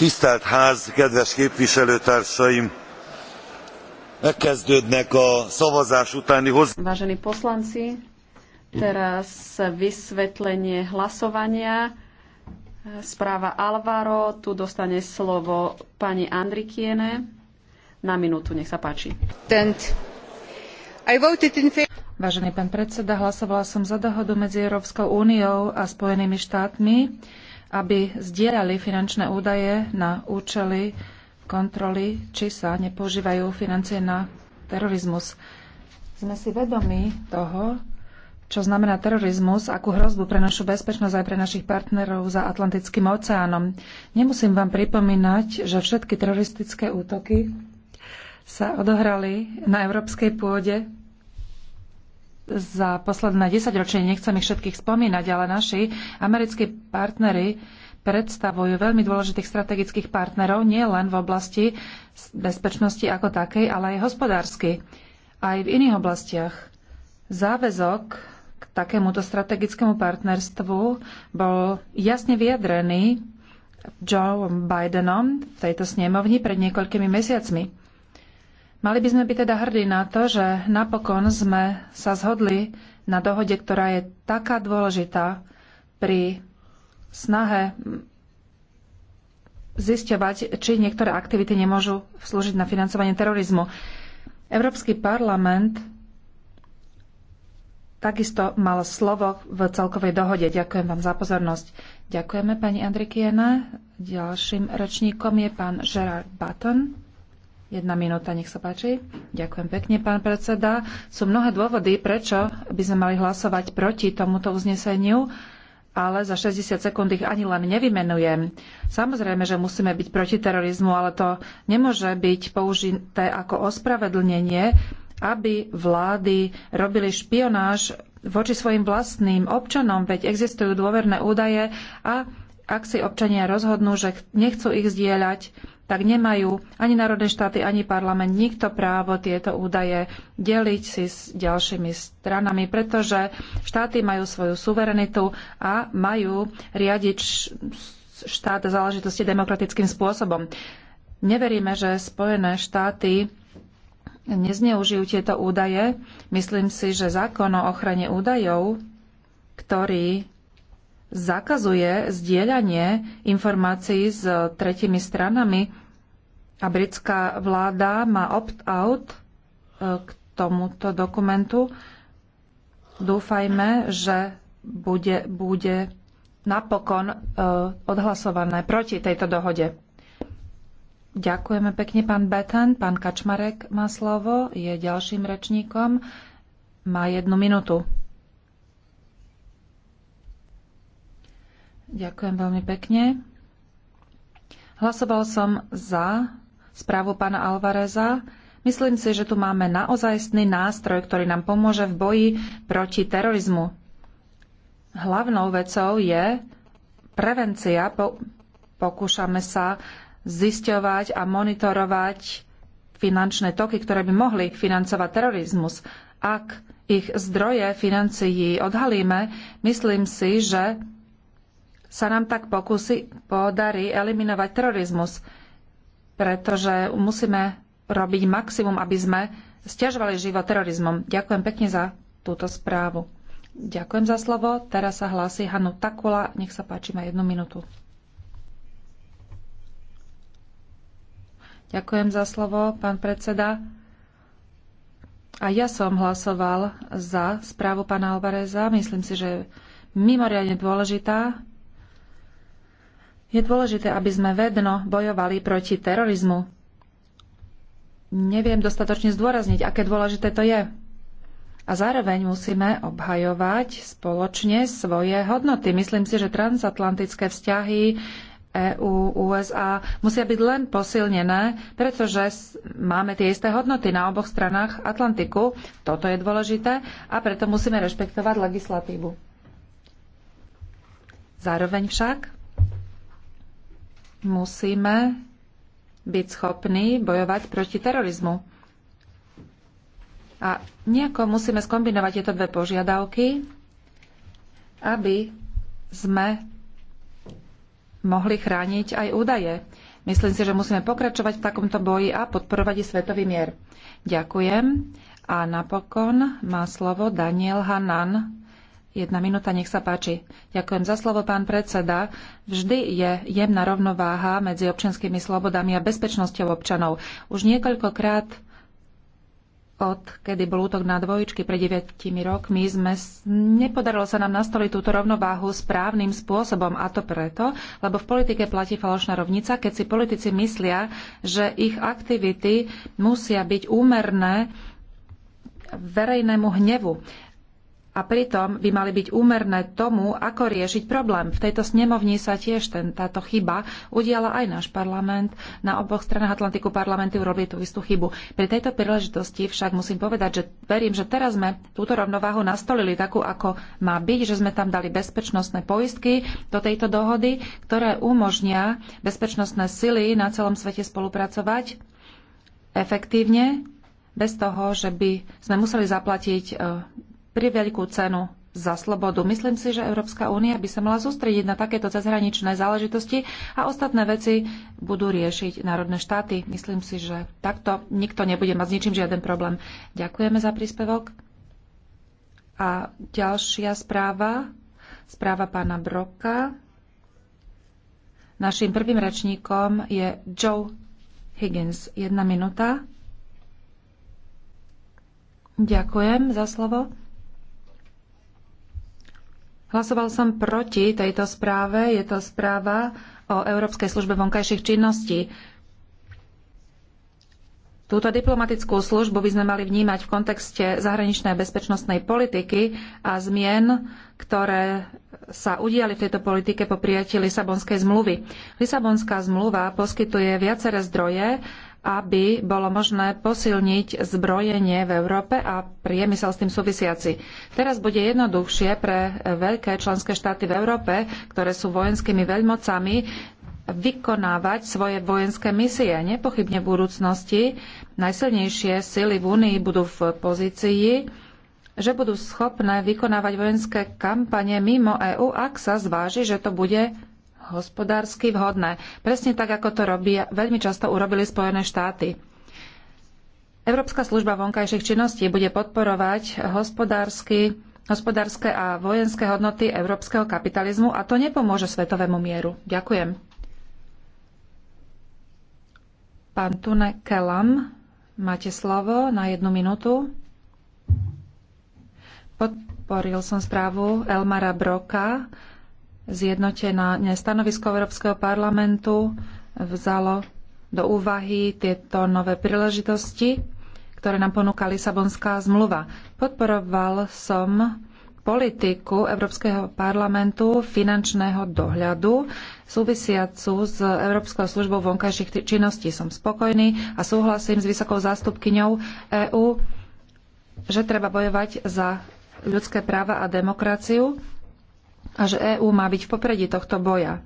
tisztelt ház kedves képviselőtársaim megkezdődnek a szavazás utáni Vážení poslanci, teraz vysvetlenie hlasovania. Správa Alvaro, tu dostane slovo pani Andrikiene. Na minútu, nech sa páči. Vážený pán predseda, hlasovala som za dohodu medzi Európskou úniou a Spojenými štátmi aby zdieľali finančné údaje na účely kontroly, či sa nepoužívajú financie na terorizmus. Sme si vedomi toho, čo znamená terorizmus, akú hrozbu pre našu bezpečnosť aj pre našich partnerov za Atlantickým oceánom. Nemusím vám pripomínať, že všetky teroristické útoky sa odohrali na európskej pôde za posledné 10 nechcem ich všetkých spomínať, ale naši americkí partnery predstavujú veľmi dôležitých strategických partnerov nie len v oblasti bezpečnosti ako takej, ale aj hospodársky, aj v iných oblastiach. Záväzok k takémuto strategickému partnerstvu bol jasne vyjadrený Joe Bidenom v tejto snemovni pred niekoľkými mesiacmi. Mali by sme byť teda hrdí na to, že napokon sme sa zhodli na dohode, ktorá je taká dôležitá pri snahe zisťovať, či niektoré aktivity nemôžu slúžiť na financovanie terorizmu. Európsky parlament takisto mal slovo v celkovej dohode. Ďakujem vám za pozornosť. Ďakujeme pani Andrikiene. Ďalším rečníkom je pán Gerard Button. Jedna minúta, nech sa páči. Ďakujem pekne, pán predseda. Sú mnohé dôvody, prečo by sme mali hlasovať proti tomuto uzneseniu, ale za 60 sekúnd ich ani len nevymenujem. Samozrejme, že musíme byť proti terorizmu, ale to nemôže byť použité ako ospravedlnenie, aby vlády robili špionáž voči svojim vlastným občanom, veď existujú dôverné údaje a ak si občania rozhodnú, že nechcú ich zdieľať, tak nemajú ani národné štáty, ani parlament nikto právo tieto údaje deliť si s ďalšími stranami, pretože štáty majú svoju suverenitu a majú riadiť štát záležitosti demokratickým spôsobom. Neveríme, že Spojené štáty nezneužijú tieto údaje. Myslím si, že zákon o ochrane údajov, ktorý zakazuje zdieľanie informácií s tretimi stranami, a britská vláda má opt-out e, k tomuto dokumentu. Dúfajme, že bude, bude napokon e, odhlasované proti tejto dohode. Ďakujeme pekne, pán Betan. Pán Kačmarek má slovo, je ďalším rečníkom. Má jednu minútu. Ďakujem veľmi pekne. Hlasoval som za správu pána Alvareza. Myslím si, že tu máme naozajstný nástroj, ktorý nám pomôže v boji proti terorizmu. Hlavnou vecou je prevencia. Pokúšame sa zisťovať a monitorovať finančné toky, ktoré by mohli financovať terorizmus. Ak ich zdroje financií odhalíme, myslím si, že sa nám tak pokusí podarí eliminovať terorizmus pretože musíme robiť maximum, aby sme stiažovali život terorizmom. Ďakujem pekne za túto správu. Ďakujem za slovo. Teraz sa hlási Hanu Takula. Nech sa páči, má jednu minútu. Ďakujem za slovo, pán predseda. A ja som hlasoval za správu pána Alvareza. Myslím si, že je mimoriadne dôležitá je dôležité, aby sme vedno bojovali proti terorizmu. Neviem dostatočne zdôrazniť, aké dôležité to je. A zároveň musíme obhajovať spoločne svoje hodnoty. Myslím si, že transatlantické vzťahy EU, USA musia byť len posilnené, pretože máme tie isté hodnoty na oboch stranách Atlantiku. Toto je dôležité a preto musíme rešpektovať legislatívu. Zároveň však musíme byť schopní bojovať proti terorizmu. A nejako musíme skombinovať tieto dve požiadavky, aby sme mohli chrániť aj údaje. Myslím si, že musíme pokračovať v takomto boji a podporovať i svetový mier. Ďakujem. A napokon má slovo Daniel Hanan Jedna minúta, nech sa páči. Ďakujem za slovo, pán predseda. Vždy je jemná rovnováha medzi občianskými slobodami a bezpečnosťou občanov. Už niekoľkokrát od kedy bol útok na dvojičky pred 9 rokmi, sme, nepodarilo sa nám nastoliť túto rovnováhu správnym spôsobom. A to preto, lebo v politike platí falošná rovnica, keď si politici myslia, že ich aktivity musia byť úmerné verejnému hnevu a pritom by mali byť úmerné tomu, ako riešiť problém. V tejto snemovni sa tiež ten, táto chyba udiala aj náš parlament. Na oboch stranách Atlantiku parlamenty urobili tú istú chybu. Pri tejto príležitosti však musím povedať, že verím, že teraz sme túto rovnováhu nastolili takú, ako má byť, že sme tam dali bezpečnostné poistky do tejto dohody, ktoré umožnia bezpečnostné sily na celom svete spolupracovať efektívne, bez toho, že by sme museli zaplatiť e, priveľkú cenu za slobodu. Myslím si, že Európska únia by sa mala sústrediť na takéto cezhraničné záležitosti a ostatné veci budú riešiť národné štáty. Myslím si, že takto nikto nebude mať s ničím žiaden problém. Ďakujeme za príspevok. A ďalšia správa, správa pána Broka. Naším prvým rečníkom je Joe Higgins. Jedna minúta. Ďakujem za slovo. Hlasoval som proti tejto správe. Je to správa o Európskej službe vonkajších činností. Túto diplomatickú službu by sme mali vnímať v kontexte zahraničnej bezpečnostnej politiky a zmien, ktoré sa udiali v tejto politike po prijatí Lisabonskej zmluvy. Lisabonská zmluva poskytuje viaceré zdroje aby bolo možné posilniť zbrojenie v Európe a priemysel s tým súvisiaci. Teraz bude jednoduchšie pre veľké členské štáty v Európe, ktoré sú vojenskými veľmocami, vykonávať svoje vojenské misie. Nepochybne v budúcnosti najsilnejšie sily v Únii budú v pozícii, že budú schopné vykonávať vojenské kampane mimo EÚ, ak sa zváži, že to bude hospodársky vhodné. Presne tak, ako to robí, veľmi často urobili Spojené štáty. Európska služba vonkajších činností bude podporovať hospodársky, hospodárske a vojenské hodnoty európskeho kapitalizmu a to nepomôže svetovému mieru. Ďakujem. Pán Tune Kelam, máte slovo na jednu minútu. Podporil som správu Elmara Broka zjednotené stanovisko Európskeho parlamentu vzalo do úvahy tieto nové príležitosti, ktoré nám ponúka Lisabonská zmluva. Podporoval som politiku Európskeho parlamentu finančného dohľadu súvisiacu s Európskou službou vonkajších činností. Som spokojný a súhlasím s vysokou zástupkyňou EÚ, že treba bojovať za ľudské práva a demokraciu a že EÚ má byť v popredí tohto boja.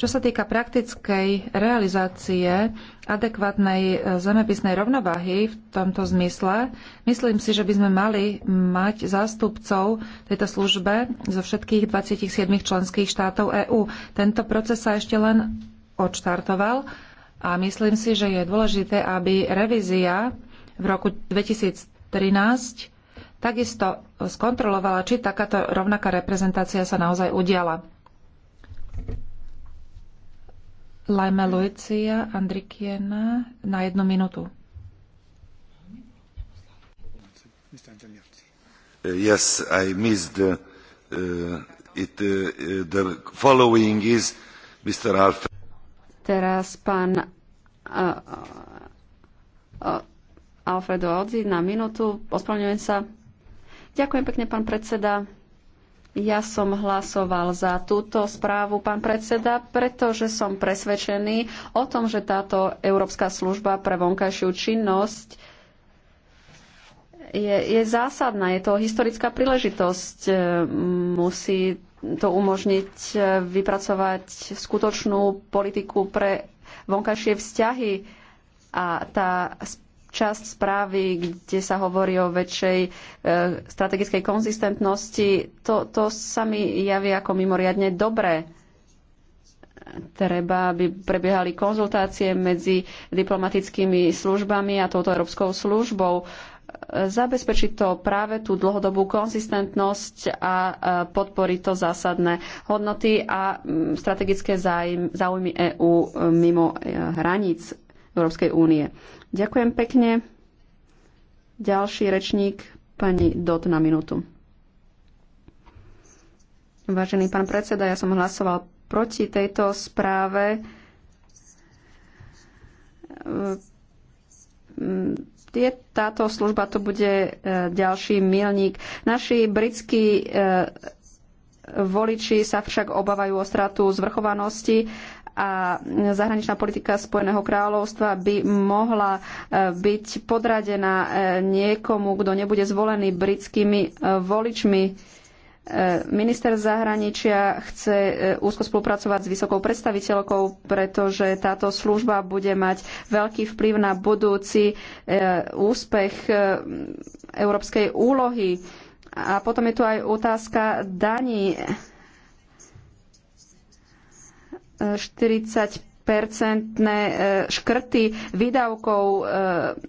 Čo sa týka praktickej realizácie adekvátnej e, zemepisnej rovnováhy v tomto zmysle, myslím si, že by sme mali mať zástupcov tejto službe zo všetkých 27 členských štátov EÚ. Tento proces sa ešte len odštartoval a myslím si, že je dôležité, aby revízia v roku 2013 takisto skontrolovala, či takáto rovnaká reprezentácia sa naozaj udiala. Lajme Lucia Andrikiena na jednu minútu. Yes, I missed the, uh, it. Uh, the following is Mr. Alfred. Teraz pán uh, uh, uh, Alfredo Odzi na minútu. Ospravňujem sa. Ďakujem pekne, pán predseda. Ja som hlasoval za túto správu, pán predseda, pretože som presvedčený o tom, že táto Európska služba pre vonkajšiu činnosť je, je zásadná. Je to historická príležitosť. E, musí to umožniť e, vypracovať skutočnú politiku pre vonkajšie vzťahy. A tá časť správy, kde sa hovorí o väčšej e, strategickej konzistentnosti, to, to sa mi javí ako mimoriadne dobré. Treba, aby prebiehali konzultácie medzi diplomatickými službami a touto Európskou službou. Zabezpečiť to práve tú dlhodobú konzistentnosť a e, podporiť to zásadné hodnoty a strategické záujmy EÚ mimo e, hraníc Európskej únie. Ďakujem pekne. Ďalší rečník, pani Dot na minútu. Vážený pán predseda, ja som hlasoval proti tejto správe. Je, táto služba to bude e, ďalší milník. Naši britskí e, voliči sa však obávajú o stratu zvrchovanosti a zahraničná politika Spojeného kráľovstva by mohla e, byť podradená e, niekomu, kto nebude zvolený britskými e, voličmi. Minister zahraničia chce úzko spolupracovať s vysokou predstaviteľkou, pretože táto služba bude mať veľký vplyv na budúci úspech európskej úlohy. A potom je tu aj otázka daní. 40 percentné e, škrty výdavkov, e,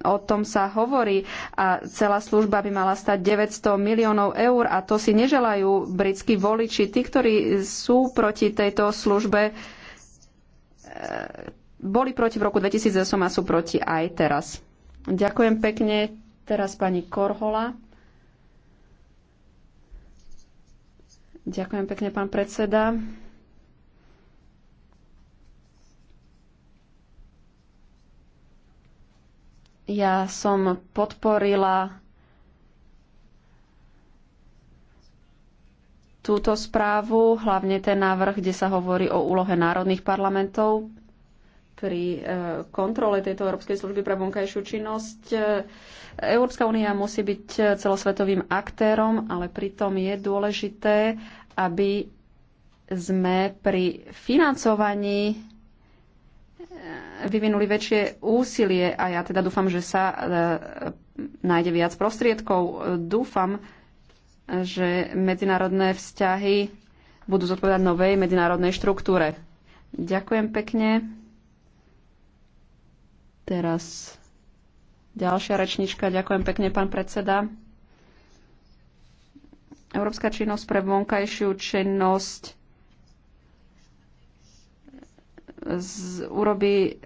o tom sa hovorí a celá služba by mala stať 900 miliónov eur a to si neželajú britskí voliči. Tí, ktorí sú proti tejto službe, e, boli proti v roku 2008 a sú proti aj teraz. Ďakujem pekne. Teraz pani Korhola. Ďakujem pekne, pán predseda. Ja som podporila túto správu, hlavne ten návrh, kde sa hovorí o úlohe národných parlamentov pri e, kontrole tejto Európskej služby pre vonkajšiu činnosť. E, Európska únia musí byť e, celosvetovým aktérom, ale pritom je dôležité, aby sme pri financovaní vyvinuli väčšie úsilie a ja teda dúfam, že sa e, nájde viac prostriedkov. Dúfam, že medzinárodné vzťahy budú zodpovedať novej medzinárodnej štruktúre. Ďakujem pekne. Teraz ďalšia rečnička. Ďakujem pekne, pán predseda. Európska činnosť pre vonkajšiu činnosť z, urobí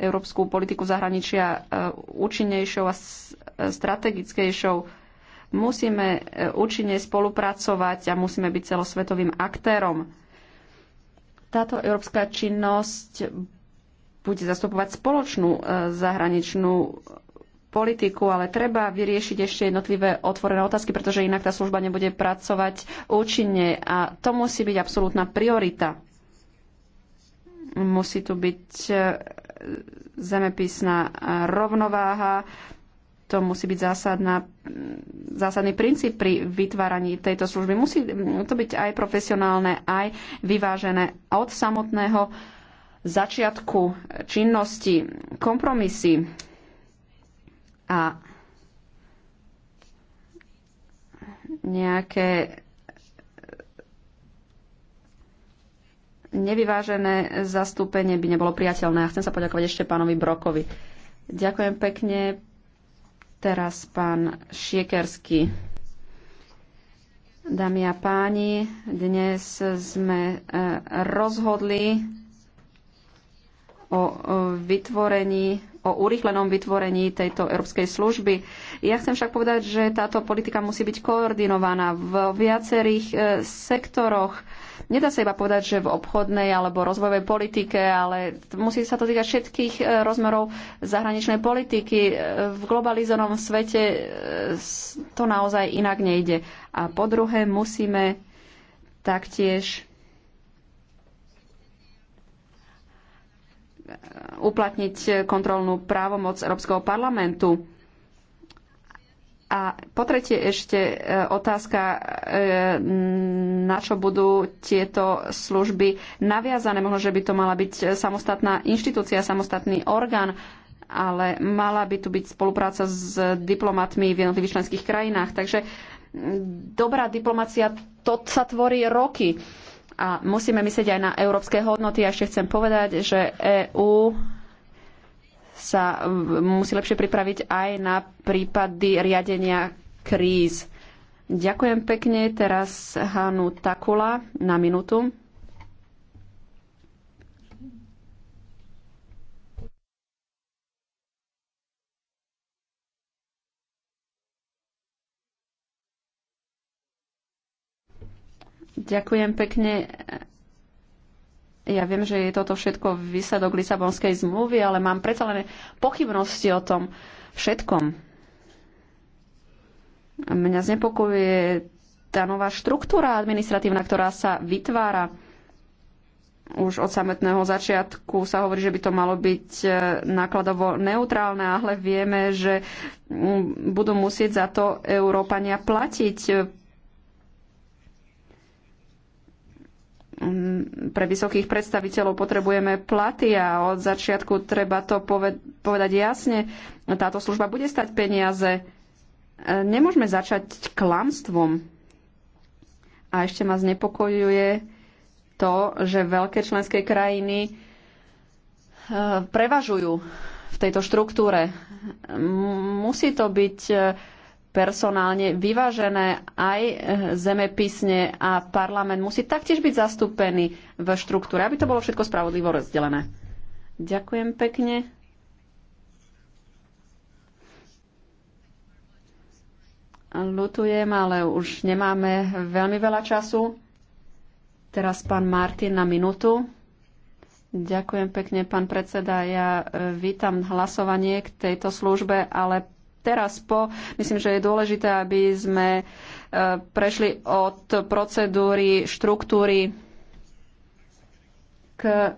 európsku politiku zahraničia e, účinnejšou a e, strategickejšou. Musíme e, účinne spolupracovať a musíme byť celosvetovým aktérom. Táto európska činnosť bude zastupovať spoločnú zahraničnú politiku, ale treba vyriešiť ešte jednotlivé otvorené otázky, pretože inak tá služba nebude pracovať účinne a to musí byť absolútna priorita. Musí tu byť e, zemepisná rovnováha, to musí byť zásadná, zásadný princíp pri vytváraní tejto služby. Musí to byť aj profesionálne, aj vyvážené od samotného začiatku činnosti, kompromisy a nejaké nevyvážené zastúpenie by nebolo priateľné. A chcem sa poďakovať ešte pánovi Brokovi. Ďakujem pekne. Teraz pán Šiekersky. Dámy a páni, dnes sme e, rozhodli o vytvorení, o urýchlenom vytvorení tejto európskej služby. Ja chcem však povedať, že táto politika musí byť koordinovaná v viacerých e, sektoroch Nedá sa iba povedať, že v obchodnej alebo rozvojovej politike, ale musí sa to týkať všetkých e, rozmerov zahraničnej politiky. E, v globalizovanom svete e, to naozaj inak nejde. A po druhé, musíme taktiež uplatniť kontrolnú právomoc Európskeho parlamentu. A po tretie ešte e, otázka, e, na čo budú tieto služby naviazané. Možno, že by to mala byť samostatná inštitúcia, samostatný orgán, ale mala by tu byť spolupráca s diplomatmi v jednotlivých členských krajinách. Takže dobrá diplomacia, to sa tvorí roky. A musíme myslieť aj na európske hodnoty. A ešte chcem povedať, že EÚ sa musí lepšie pripraviť aj na prípady riadenia kríz. Ďakujem pekne. Teraz Hanu Takula na minútu. Ďakujem pekne. Ja viem, že je toto všetko výsledok Lisabonskej zmluvy, ale mám predsa len pochybnosti o tom všetkom. Mňa znepokojuje tá nová štruktúra administratívna, ktorá sa vytvára. Už od samotného začiatku sa hovorí, že by to malo byť e, nákladovo neutrálne, ale vieme, že budú musieť za to Európania platiť Mm, pre vysokých predstaviteľov potrebujeme platy a od začiatku treba to povedať jasne. Táto služba bude stať peniaze. E, nemôžeme začať klamstvom. A ešte ma znepokojuje to, že veľké členské krajiny e, prevažujú v tejto štruktúre. Musí to byť e, personálne vyvážené aj eh, zemepisne a parlament musí taktiež byť zastúpený v štruktúre, aby to bolo všetko spravodlivo rozdelené. Ďakujem pekne. Lutujem, ale už nemáme veľmi veľa času. Teraz pán Martin na minútu. Ďakujem pekne, pán predseda. Ja eh, vítam hlasovanie k tejto službe, ale teraz po. Myslím, že je dôležité, aby sme e, prešli od procedúry, štruktúry k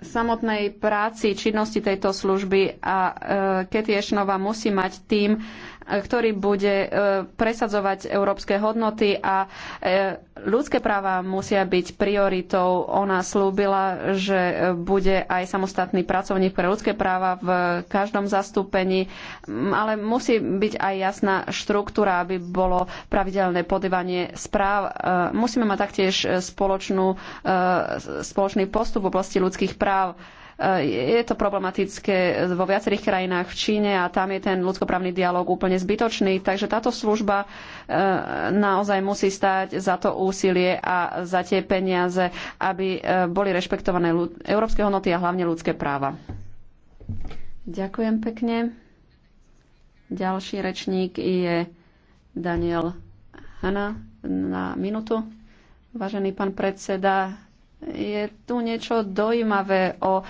samotnej práci, činnosti tejto služby a Kety Ešnova musí mať tým, ktorý bude e, presadzovať európske hodnoty a e, ľudské práva musia byť prioritou. Ona slúbila, že e, bude aj samostatný pracovník pre ľudské práva v každom zastúpení, ale musí byť aj jasná štruktúra, aby bolo pravidelné podývanie správ. Musíme mať taktiež spoločnú, spoločný postup v oblasti ľudských práv. Eh, je to problematické vo viacerých krajinách v Číne a tam je ten ľudskoprávny dialog úplne zbytočný, takže táto služba eh, naozaj musí stať za to úsilie a za tie peniaze, aby eh, boli rešpektované európske hodnoty a hlavne ľudské práva. Ďakujem pekne. Ďalší rečník je Daniel Hanna na minútu. Vážený pán predseda, je tu niečo dojímavé o e,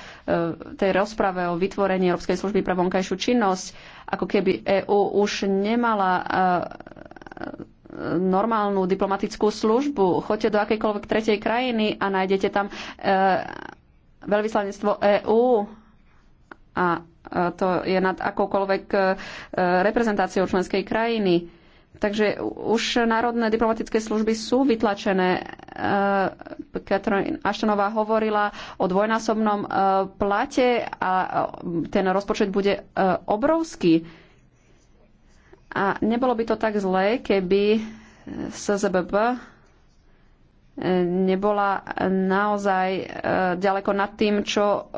tej rozprave o vytvorení Európskej služby pre vonkajšiu činnosť, ako keby EÚ už nemala e, e, normálnu diplomatickú službu. Choďte do akejkoľvek tretej krajiny a nájdete tam veľvyslanectvo EÚ a to je nad akoukoľvek reprezentáciou členskej krajiny Takže už národné diplomatické služby sú vytlačené. Katrin e, Aštanová hovorila o dvojnásobnom e, plate a e, ten rozpočet bude obrovský. A nebolo by to tak zlé, keby SZBB nebola naozaj ďaleko nad tým, čo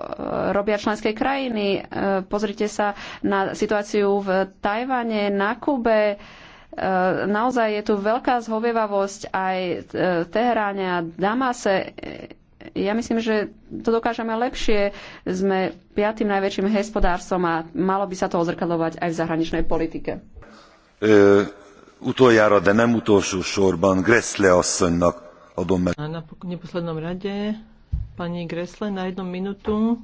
robia členské krajiny. Pozrite sa na situáciu v Tajvane, na Kube, E, naozaj je tu veľká zhovievavosť aj e, Teheráne a Damase. E, ja myslím, že to dokážeme lepšie. Sme piatým najväčším hospodárstvom a malo by sa to ozrkadlovať aj v zahraničnej politike. E, utoljára, de nem utolsó sorban Gressle asszonynak adom meg. A na neposlednom rade pani Gressle na jednu minútu.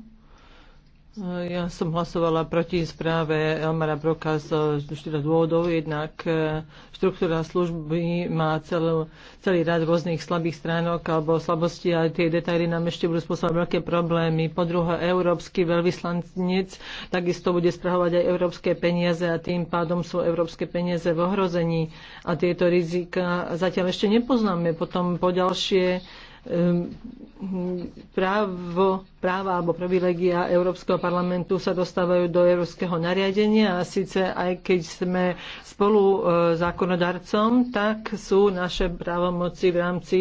Ja som hlasovala proti správe Elmara Broka z štyroch dôvodov. Jednak e, štruktúra služby má celú, celý rad rôznych slabých stránok alebo slabosti a tie detaily nám ešte budú spôsobovať veľké problémy. Po druhé, európsky veľvyslanec takisto bude sprahovať aj európske peniaze a tým pádom sú európske peniaze v ohrození a tieto rizika zatiaľ ešte nepoznáme. Potom po ďalšie, Ehm, právo, práva alebo privilegia Európskeho parlamentu sa dostávajú do európskeho nariadenia a síce aj keď sme spolu e, zákonodarcom, tak sú naše právomoci v rámci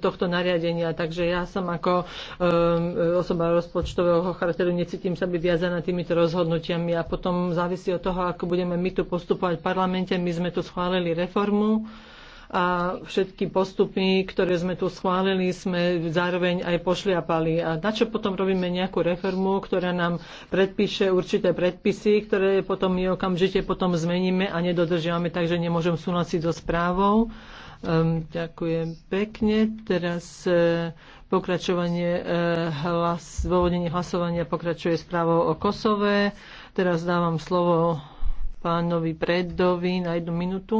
tohto nariadenia. Takže ja som ako ehm, osoba rozpočtového charakteru necítim sa byť viazaná týmito rozhodnutiami a potom závisí od toho, ako budeme my tu postupovať v parlamente. My sme tu schválili reformu a všetky postupy, ktoré sme tu schválili, sme zároveň aj pošliapali. A na čo potom robíme nejakú reformu, ktorá nám predpíše určité predpisy, ktoré potom my okamžite potom zmeníme a nedodržiavame, takže nemôžem súhlasiť so správou. Um, ďakujem pekne. Teraz e, pokračovanie e, hlas, dôvodenie hlasovania pokračuje správou o Kosove. Teraz dávam slovo pánovi Predovi na jednu minútu.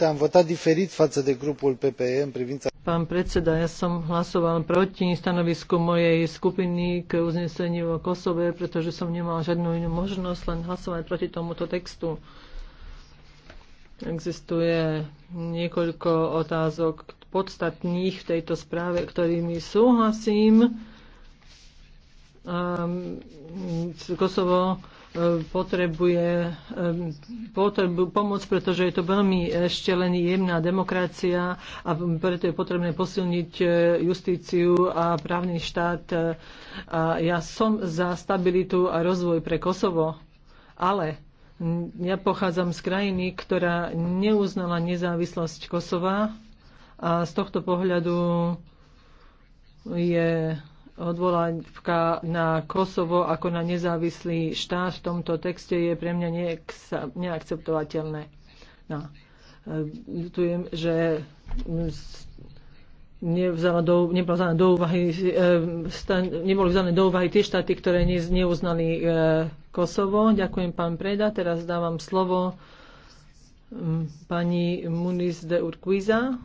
am votat diferit față de grupul ppe în privința. pán predseda ja som hlasoval proti stanovisku mojej skupiny k uzneseniu o kosove pretože som nemal žiadnu inú možnosť len hlasovať proti tomuto textu. Existuje niekoľko otázok podstatných v tejto správe, ktorými súhlasím. Kosovo potrebuje, potrebu, pomoc, pretože je to veľmi ešte len jemná demokracia a preto je potrebné posilniť e, justíciu a právny štát. E, a ja som za stabilitu a rozvoj pre Kosovo, ale ja pochádzam z krajiny, ktorá neuznala nezávislosť Kosova a z tohto pohľadu je odvolávka na Kosovo ako na nezávislý štát v tomto texte je pre mňa neakceptovateľné. No. Lutujem, e, že do, do úvahy, e, neboli vzané do úvahy tie štáty, ktoré neuznali e, Kosovo. Ďakujem, pán Preda. Teraz dávam slovo pani Muniz de Urquiza.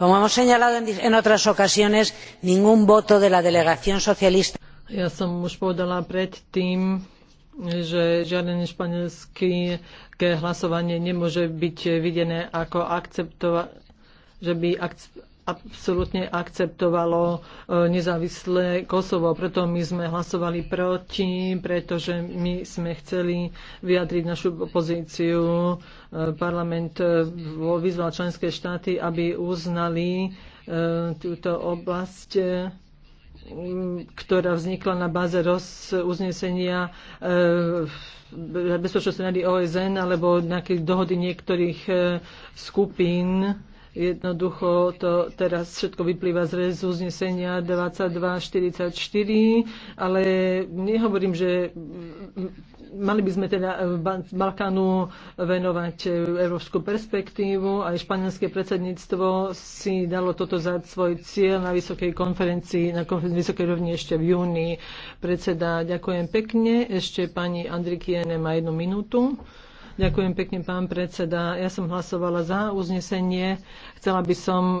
como hemos señalado en otras ocasiones ningún voto de la delegación socialista ja som už povedala predtým, že žiaden španielský hlasovanie nemôže byť videné ako akceptova- že by akce- absolútne akceptovalo e, nezávislé Kosovo. Preto my sme hlasovali proti, pretože my sme chceli vyjadriť našu pozíciu. E, parlament e, vyzval členské štáty, aby uznali túto oblasť ktorá vznikla na báze roz uznesenia bezpečnostnej rady OSN alebo nejakých dohody niektorých skupín Jednoducho to teraz všetko vyplýva z znesenia 2244, ale nehovorím, že mali by sme teda v Balkánu venovať európsku perspektívu. Aj španielské predsedníctvo si dalo toto za svoj cieľ na vysokej konferencii, na konferencii vysokej rovni ešte v júni. Predseda, ďakujem pekne. Ešte pani Andrikiene má jednu minútu. Ďakujem pekne, pán predseda. Ja som hlasovala za uznesenie. Chcela by som eh,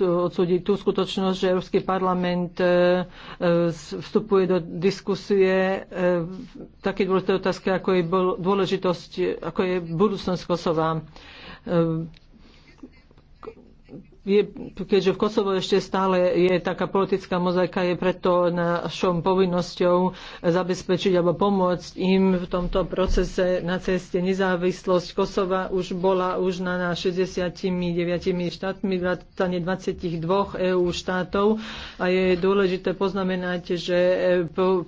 odsúdiť tú skutočnosť, že Európsky parlament eh, vstupuje do diskusie eh, také dôležité otázky, ako je dôležitosť, ako je budúcnosť Kosova je, keďže v Kosovo ešte stále je taká politická mozaika, je preto našou povinnosťou zabezpečiť alebo pomôcť im v tomto procese na ceste. Nezávislosť Kosova už bola už na, na 69 štátmi, vrátane 22 EÚ štátov a je dôležité poznamenať, že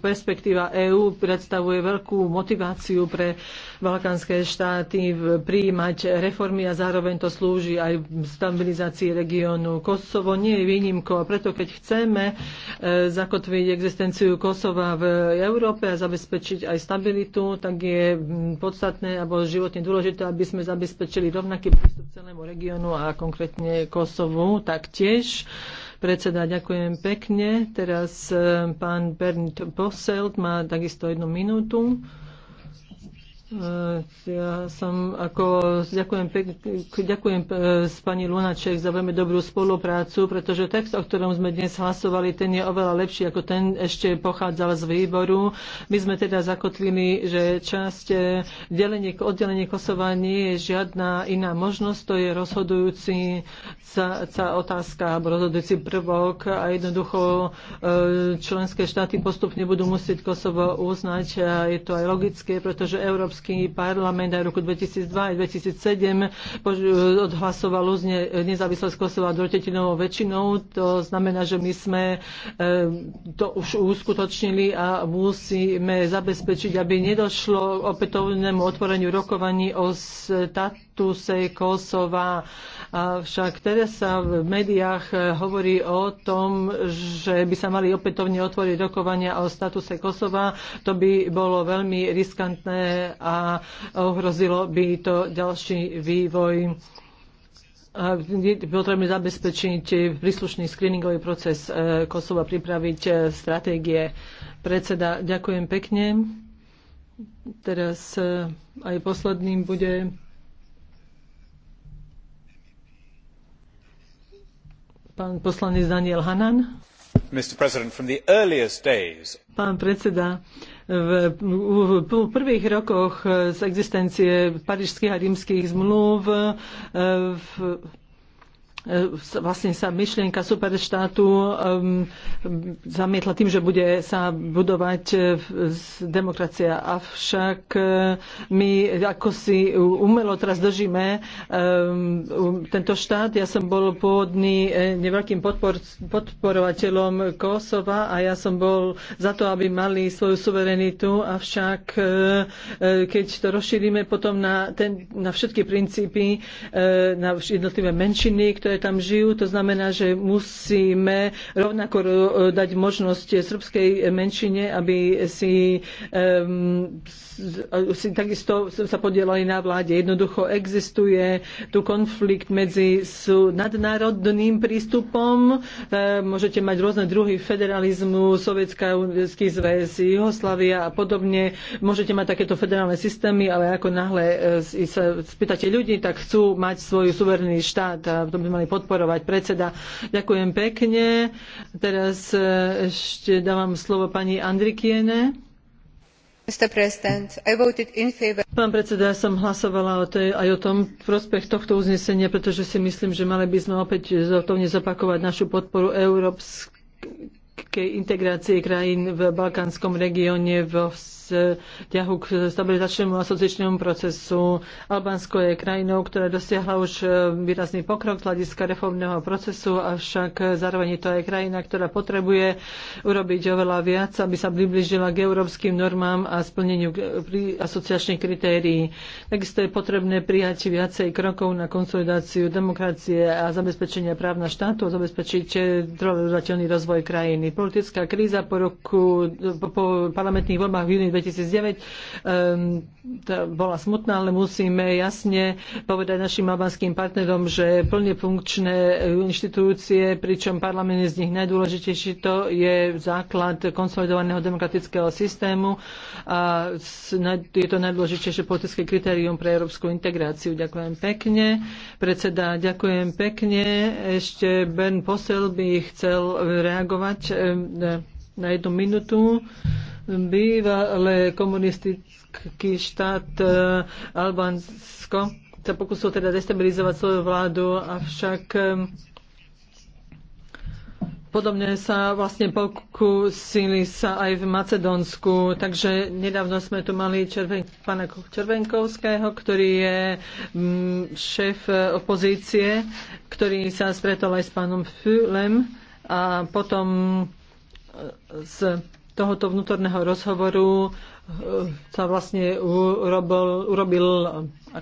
perspektíva EÚ predstavuje veľkú motiváciu pre balkánske štáty prijímať reformy a zároveň to slúži aj stabilizácii regionu regiónu. Kosovo nie je výnimkou a preto keď chceme e, zakotviť existenciu Kosova v Európe a zabezpečiť aj stabilitu, tak je podstatné alebo životne dôležité, aby sme zabezpečili rovnaký prístup celému regiónu a konkrétne Kosovu taktiež predseda, ďakujem pekne. Teraz e, pán Bernd Posselt má takisto jednu minútu. E, ja som ako, ďakujem, ďakujem e, s pani Lunaček za veľmi dobrú spoluprácu, pretože text, o ktorom sme dnes hlasovali, ten je oveľa lepší, ako ten ešte pochádzal z výboru. My sme teda zakotvili, že časť e, delenie, oddelenie Kosova nie je žiadna iná možnosť, to je rozhodujúci sa, sa otázka alebo rozhodujúci prvok a jednoducho členské štáty postupne budú musieť Kosovo uznať a je to aj logické, pretože Európske. Európsky parlament aj roku 2002 a 2007 odhlasoval uzne nezávislosť Kosova drotetinovou väčšinou. To znamená, že my sme eh, to už uskutočnili a musíme zabezpečiť, aby nedošlo opätovnému otvoreniu rokovaní o státu Taktuse, Kosova. Avšak teraz sa v médiách eh, hovorí o tom, že by sa mali opätovne otvoriť rokovania o statuse Kosova. To by bolo veľmi riskantné a ohrozilo by to ďalší vývoj potrebujeme zabezpečiť príslušný screeningový proces eh, Kosova, pripraviť eh, stratégie. Predseda, ďakujem pekne. Teraz aj posledným bude Pán poslanec Daniel Hanan. Days... Pán predseda, v prvých rokoch z existencie parížských a rímskych zmluv e, v, E, vlastne sa myšlienka superštátu zamietla tým, že bude sa budovať e, demokracia. Avšak e, my ako si umelo teraz držíme tento štát. Ja som bol pôvodný neveľkým podpor, podporovateľom Kosova a ja som bol za to, aby mali svoju suverenitu. Avšak keď to rozšírime potom na, ten, na všetky princípy, na jednotlivé menšiny, ktoré ktoré tam žijú. To znamená, že musíme rovnako dať možnosť srbskej menšine, aby si, um, si takisto sa podielali na vláde. Jednoducho existuje tu konflikt medzi nadnárodným prístupom, môžete mať rôzne druhy federalizmu, Sovietská zväz, Jugoslavia a podobne. Môžete mať takéto federálne systémy, ale ako náhle eh, sa spýtate ľudí, tak chcú mať svoj suverený štát a to by mali podporovať predseda. Ďakujem pekne. Teraz e, ešte dávam slovo pani Andrikiene. Pán predseda, ja som hlasovala o tej, aj o tom prospech tohto uznesenia, pretože si myslím, že mali by sme opäť zotovne zopakovať našu podporu európskej integrácie krajín v balkánskom regióne v vzťahu k stabilizačnému asociačnému procesu. Albánsko je krajinou, ktorá dosiahla už e, výrazný pokrok z hľadiska reformného procesu, avšak zároveň je to aj krajina, ktorá potrebuje urobiť oveľa viac, aby sa priblížila k európskym normám a splneniu asociačných kritérií. Takisto je potrebné prijať viacej krokov na konsolidáciu demokracie a zabezpečenia právna štátu a zabezpečiť trvalý rozvoj krajiny. Politická kríza po roku po parlamentných voľbách v júni 2009 ehm, bola smutná, ale musíme jasne povedať našim albanským partnerom, že plne funkčné eh, inštitúcie, pričom parlament je z nich najdôležitejší, to je základ konsolidovaného demokratického systému a je to najdôležitejšie politické kritérium pre európsku integráciu. Ďakujem pekne. Predseda, ďakujem pekne. Ešte Ben Posel by chcel reagovať ehm, na jednu minútu. Bývalé komunistický štát eh, Albánsko sa pokusil teda destabilizovať svoju vládu, avšak eh, Podobne sa vlastne pokúsili sa aj v Macedónsku, takže nedávno sme tu mali červen, pána Červenkovského, ktorý je mm, šéf eh, opozície, ktorý sa stretol aj s pánom Fülem a potom s tohoto vnútorného rozhovoru eh, sa vlastne urobil, urobil eh,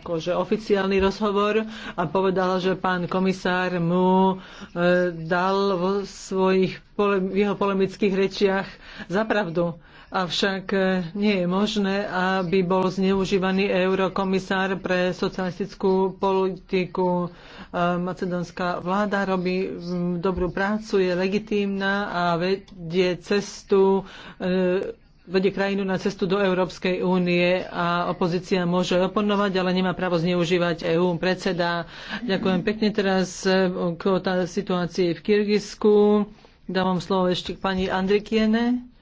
akože oficiálny rozhovor a povedal, že pán komisár mu eh, dal vo svojich, v jeho polemických rečiach zapravdu. Avšak e, nie je možné, aby bol zneužívaný eurokomisár pre socialistickú politiku. E, macedónska vláda robí dobrú prácu, je legitímna a vedie cestu e, vedie krajinu na cestu do Európskej únie a opozícia môže oponovať, ale nemá právo zneužívať EÚ. Predseda, ďakujem pekne teraz k situácii v Kyrgyzsku. Dávam slovo ešte k pani Andrikiene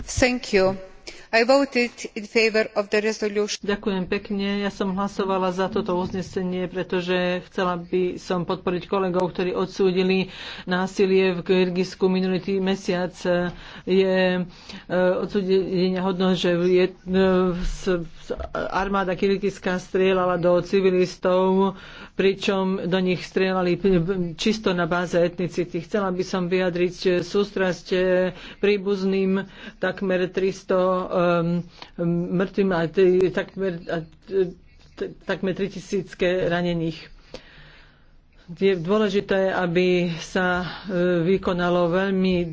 chcem poďakovať pánovi i voted in favor of the resolution. Ďakujem pekne. Ja som hlasovala za toto uznesenie, pretože chcela by som podporiť kolegov, ktorí odsúdili násilie v Kyrgyzsku minulý mesiac. Je e, odsúdenia hodno, že je, e, armáda Kyrgyzska strieľala do civilistov, pričom do nich strieľali čisto na báze etnicity. Chcela by som vyjadriť sústrasť e, príbuzným takmer 300 Ehm, ehm, mŕtvym a takmer, takmer 3000 ranených je dôležité, aby sa e, vykonalo veľmi e,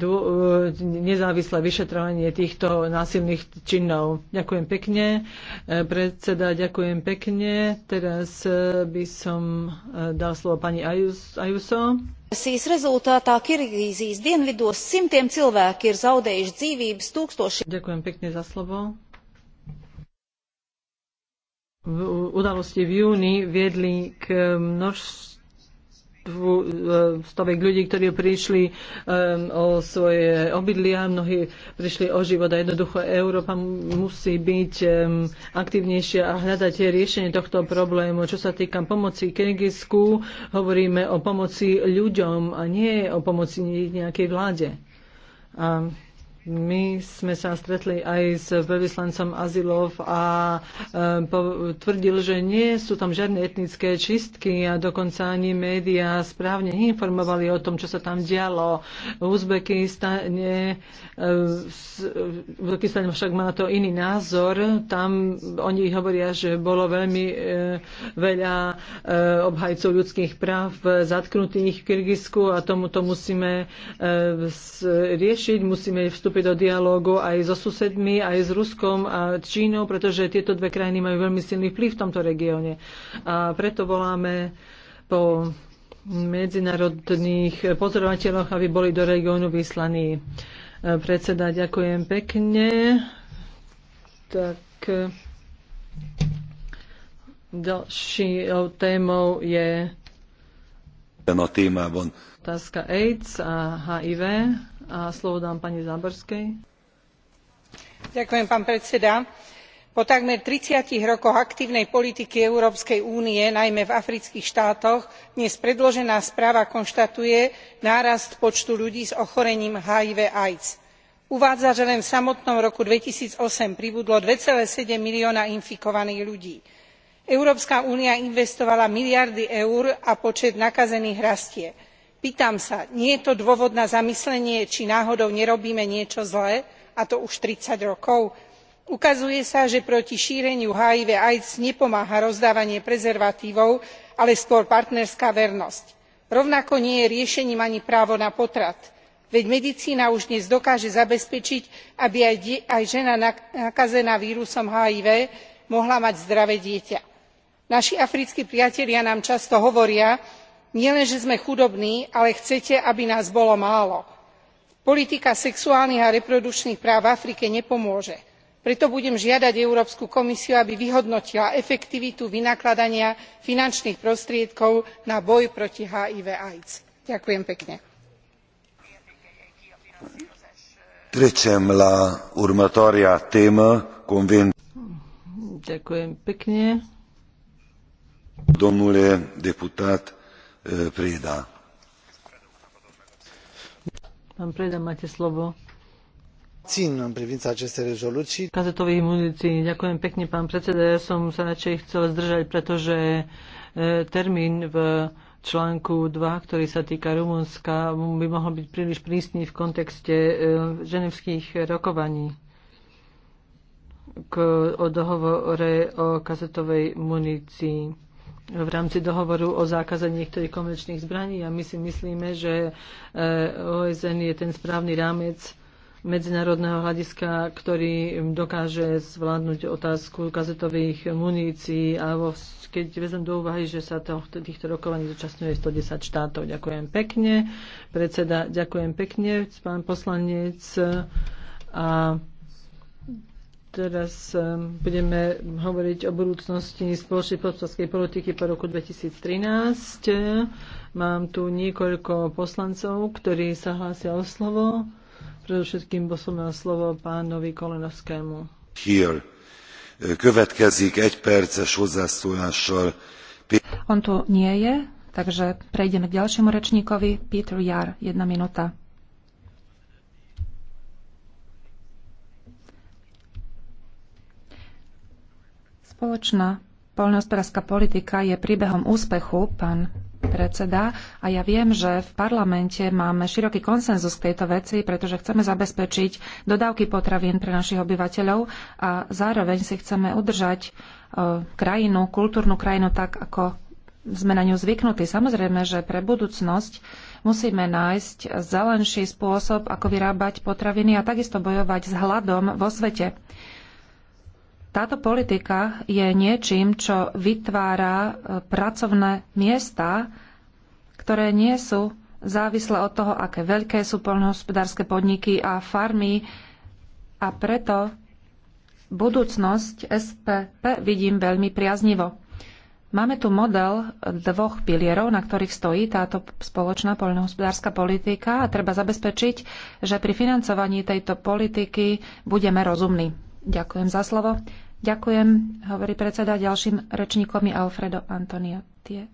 nezávislé vyšetrovanie týchto násilných činov. Ďakujem pekne. E, predseda, ďakujem pekne. Teraz by som dal slovo pani Ajuso. Sīs rezultātā Kirgīzijas dienvidos simtiem cilvēki ir zaudējuši dzīvības tūkstoši. Ďakujem pekne za slovo udalosti v júni viedli k množstvu E, stovek ľudí, ktorí prišli e, o svoje obydlia, mnohí prišli o život a jednoducho Európa musí byť e, aktivnejšia a hľadať riešenie tohto problému. Čo sa týka pomoci Kyrgyzsku, hovoríme o pomoci ľuďom a nie o pomoci nejakej vláde. A my sme sa stretli aj s veľvyslancom Azilov a e, tvrdil, že nie sú tam žiadne etnické čistky a dokonca ani médiá správne neinformovali o tom, čo sa tam dialo. V Uzbekistane, e, Uzbekistane však má na to iný názor. Tam oni hovoria, že bolo veľmi e, veľa e, obhajcov ľudských práv zatknutých v Kyrgyzsku a tomu to musíme e, s, riešiť, musíme vstúpiť vstúpiť do dialógu aj so susedmi, aj s Ruskom a Čínou, pretože tieto dve krajiny majú veľmi silný vplyv v tomto regióne. A preto voláme po medzinárodných pozorovateľoch, aby boli do regiónu vyslaní. E, predseda, ďakujem pekne. Tak e, ďalšou témou je otázka AIDS a HIV slovo dám pani Ďakujem, pán predseda. Po takmer tridsiatich rokoch aktívnej politiky Európskej únie, najmä v afrických štátoch, dnes predložená správa konštatuje nárast počtu ľudí s ochorením hiv aids uvádza že len v samotnom roku two thousand and eight pribudlo two seven milióna infikovaných ľudí. európska únia investovala miliardy eur a počet nakazených rastie pýtam sa nie je to dôvod na zamyslenie či náhodou nerobíme niečo zlé a to už tridsať rokov? ukazuje sa že proti šíreniu hiv aids nepomáha rozdávanie prezervatívov ale skôr partnerská vernosť. rovnako nie je riešením ani právo na potrat veď medicína už dnes dokáže zabezpečiť aby aj žena nakazená vírusom hiv mohla mať zdravé dieťa. naši africkí priatelia nám často hovoria nielenže sme chudobní ale chcete aby nás bolo málo. politika sexuálnych a reprodukčných práv v afrike nepomôže preto budem žiadať európsku komisiu aby vyhodnotila efektivitu vynakladania finančných prostriedkov na boj proti hiv aids. ďakujem pekne. Ďakujem pekne. E, Prieda. Pán Preda, máte slovo. Țin în privința acestei rezoluții. Kazetových munícií. Ďakujem pekne, pán predseda. Ja som sa radšej chcel zdržať, pretože e, termín v článku 2, ktorý sa týka Rumunska, by mohol byť príliš prísny v kontexte e, ženevských rokovaní k, o dohovore o kazetovej munícii v rámci dohovoru o zákaze niektorých komerčných zbraní a my si myslíme, že e, OSN je ten správny rámec medzinárodného hľadiska, ktorý dokáže zvládnuť otázku kazetových munícií a vo, keď vezmem do úvahy, že sa to, týchto rokovaní zúčastňuje 110 štátov. Ďakujem pekne. Predseda, ďakujem pekne, pán poslanec. A Teraz ehm, budeme hovoriť o budúcnosti spoločnej podstavskej politiky po roku 2013. Mám tu niekoľko poslancov, ktorí sa hlásia o slovo. Predovšetkým poslovné slovo pánovi Kolenovskému. Hier. Következik egy perces hozzászólással. On tu nie je, takže prejdeme k ďalšiemu rečníkovi. Peter Jar, jedna minúta. Spoločná poľnohospodárska politika je príbehom úspechu, pán predseda, a ja viem, že v parlamente máme široký konsenzus k tejto veci, pretože chceme zabezpečiť dodávky potravín pre našich obyvateľov a zároveň si chceme udržať e, krajinu, kultúrnu krajinu tak, ako sme na ňu zvyknutí. Samozrejme, že pre budúcnosť musíme nájsť zelenší spôsob, ako vyrábať potraviny a takisto bojovať s hladom vo svete. Táto politika je niečím, čo vytvára e, pracovné miesta, ktoré nie sú závislé od toho, aké veľké sú poľnohospodárske podniky a farmy. A preto budúcnosť SPP vidím veľmi priaznivo. Máme tu model dvoch pilierov, na ktorých stojí táto spoločná poľnohospodárska politika a treba zabezpečiť, že pri financovaní tejto politiky budeme rozumní. Ďakujem za slovo. Ďakujem, hovorí predseda. Ďalším rečníkom je Alfredo Antonio Tie.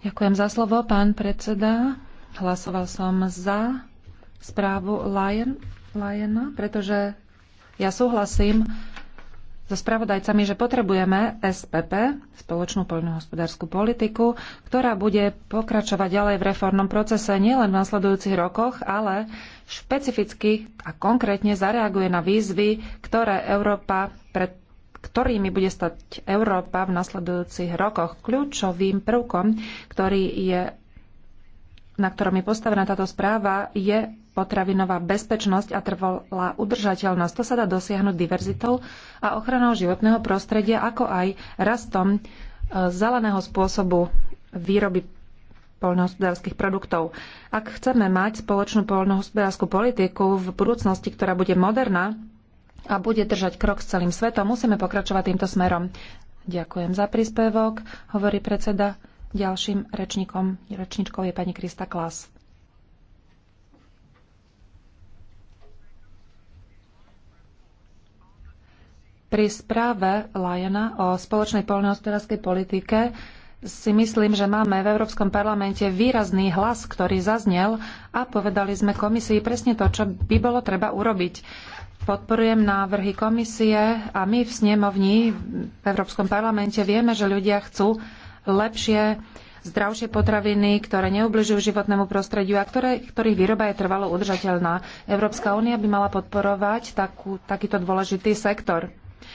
Ďakujem za slovo, pán predseda. Hlasoval som za správu Lion, Liona, pretože ja súhlasím so spravodajcami, že potrebujeme SPP, spoločnú poľnohospodárskú politiku, ktorá bude pokračovať ďalej v reformnom procese nielen v nasledujúcich rokoch, ale špecificky a konkrétne zareaguje na výzvy, ktoré Európa pred ktorými bude stať Európa v nasledujúcich rokoch. Kľúčovým prvkom, ktorý je, na ktorom je postavená táto správa, je potravinová bezpečnosť a trvalá udržateľnosť. To sa dá dosiahnuť diverzitou a ochranou životného prostredia, ako aj rastom e, zeleného spôsobu výroby poľnohospodárskych produktov. Ak chceme mať spoločnú poľnohospodárskú politiku v budúcnosti, ktorá bude moderná a bude držať krok s celým svetom, musíme pokračovať týmto smerom. Ďakujem za príspevok, hovorí predseda. Ďalším rečníkom, rečníčkou je pani Krista Klas. Pri správe Lajena o spoločnej poľnohospodárskej politike si myslím, že máme v Európskom parlamente výrazný hlas, ktorý zaznel a povedali sme komisii presne to, čo by bolo treba urobiť. Podporujem návrhy komisie a my v snemovni v Európskom parlamente vieme, že ľudia chcú lepšie, zdravšie potraviny, ktoré neubližujú životnému prostrediu a ktoré, ktorých výroba je trvalo udržateľná. Európska únia by mala podporovať takú, takýto dôležitý sektor.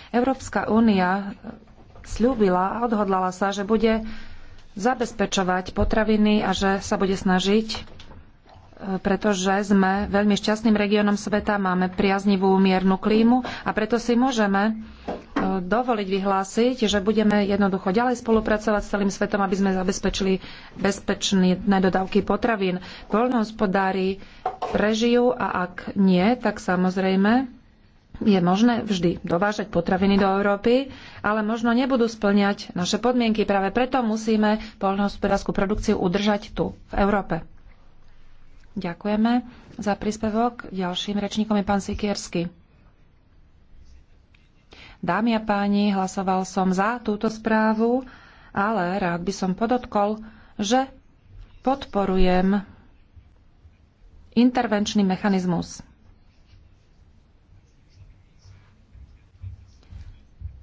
Európska únia slúbila a odhodlala sa, že bude zabezpečovať potraviny a že sa bude snažiť, e, pretože sme veľmi šťastným regiónom sveta, máme priaznivú miernu klímu a preto si môžeme e, dovoliť vyhlásiť, že budeme jednoducho ďalej spolupracovať s celým svetom, aby sme zabezpečili bezpečné dodávky potravín. Voľnohospodári prežijú a ak nie, tak samozrejme je možné vždy dovážať potraviny do Európy, ale možno nebudú splňať naše podmienky. Práve preto musíme poľnohospodárskú produkciu udržať tu, v Európe. Ďakujeme za príspevok. Ďalším rečníkom je pán Sikiersky. Dámy a páni, hlasoval som za túto správu, ale rád by som podotkol, že podporujem intervenčný mechanizmus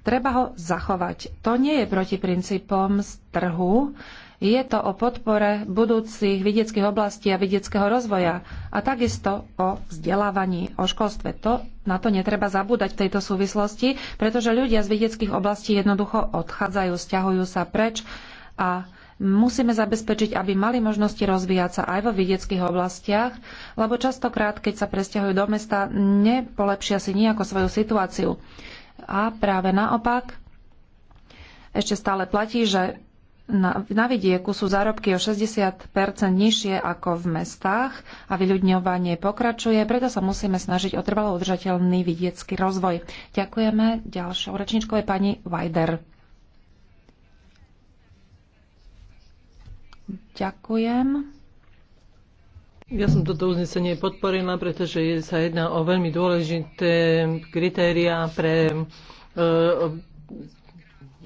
Treba ho zachovať. To nie je proti princípom z trhu, je to o podpore budúcich vidieckých oblastí a vidieckého rozvoja a takisto o vzdelávaní, o školstve. To, na to netreba zabúdať v tejto súvislosti, pretože ľudia z vidieckých oblastí jednoducho odchádzajú, stiahujú sa preč a musíme zabezpečiť, aby mali možnosti rozvíjať sa aj vo vidieckých oblastiach, lebo častokrát, keď sa presťahujú do mesta, nepolepšia si nejako svoju situáciu. A práve naopak, ešte stále platí, že na, na vidieku sú zárobky o 60 nižšie ako v mestách a vyľudňovanie pokračuje, preto sa musíme snažiť o trvalo udržateľný vidiecký rozvoj. Ďakujeme. Ďalšou rečničkou je pani Vajder. Ďakujem. Ja som toto uznesenie podporila, pretože sa jedná o veľmi dôležité kritéria pre e,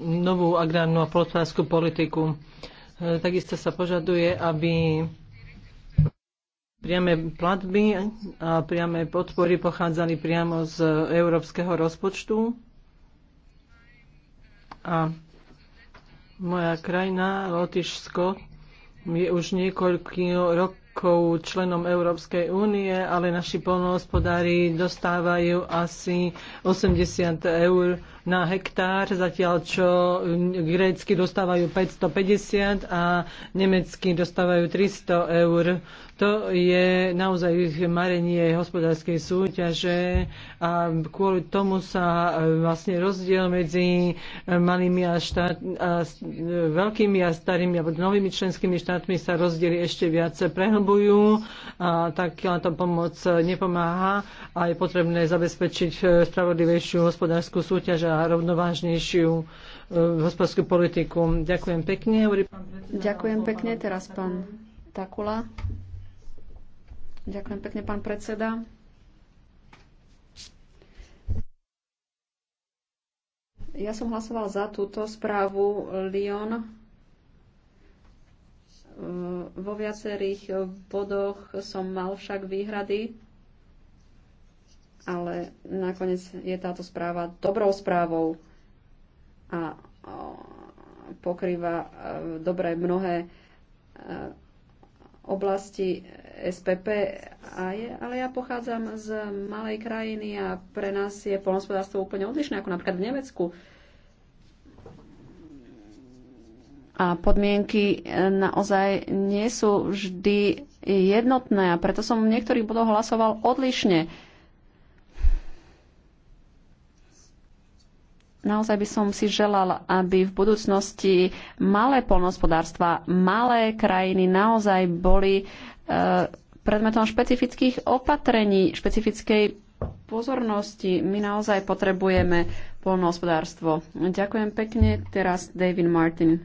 novú agrárnu a polnospodárskú politiku. E, takisto sa požaduje, aby priame platby a priame podpory pochádzali priamo z európskeho rozpočtu. A moja krajina, Lotyšsko, je už niekoľko rokov výdavkov členom Európskej únie, ale naši polnohospodári dostávajú asi 80 eur na hektár, zatiaľ čo grécky dostávajú 550 a nemecky dostávajú 300 eur to je naozaj marenie hospodárskej súťaže a kvôli tomu sa e, vlastne rozdiel medzi e, malými a, štát, a e, veľkými a starými alebo novými členskými štátmi sa rozdiely ešte viac prehlbujú a takáto pomoc nepomáha a je potrebné zabezpečiť spravodlivejšiu hospodárskú súťaž a rovnovážnejšiu hospodárskú politiku. Ďakujem pekne. Ďakujem pekne. Teraz pán Takula. Ďakujem pekne, pán predseda. Ja som hlasoval za túto správu Lyon. E, vo viacerých bodoch som mal však výhrady, ale nakoniec je táto správa dobrou správou a e, pokrýva e, dobre mnohé oblasti SPP, ale ja pochádzam z malej krajiny a pre nás je polnospodárstvo úplne odlišné, ako napríklad v Nemecku. A podmienky e, naozaj nie sú vždy jednotné a preto som v niektorých bodoch hlasoval odlišne naozaj by som si želal, aby v budúcnosti malé polnospodárstva, malé krajiny naozaj boli e, predmetom špecifických opatrení, špecifickej pozornosti. My naozaj potrebujeme polnohospodárstvo. Ďakujem pekne. Teraz David Martin.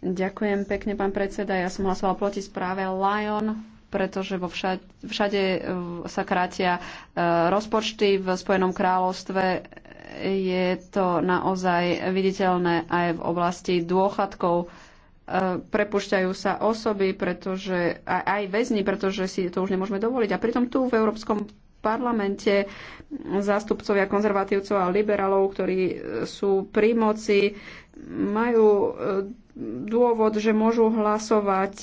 Ďakujem pekne, pán predseda. Ja som hlasoval proti správe Lion pretože vo všade, všade e, sa krátia e, rozpočty v Spojenom kráľovstve je to naozaj viditeľné aj v oblasti dôchodkov. E, prepušťajú sa osoby, pretože aj väzni, pretože si to už nemôžeme dovoliť. A pritom tu v Európskom parlamente zástupcovia konzervatívcov a liberálov, ktorí e, sú pri moci, majú e, dôvod, že môžu hlasovať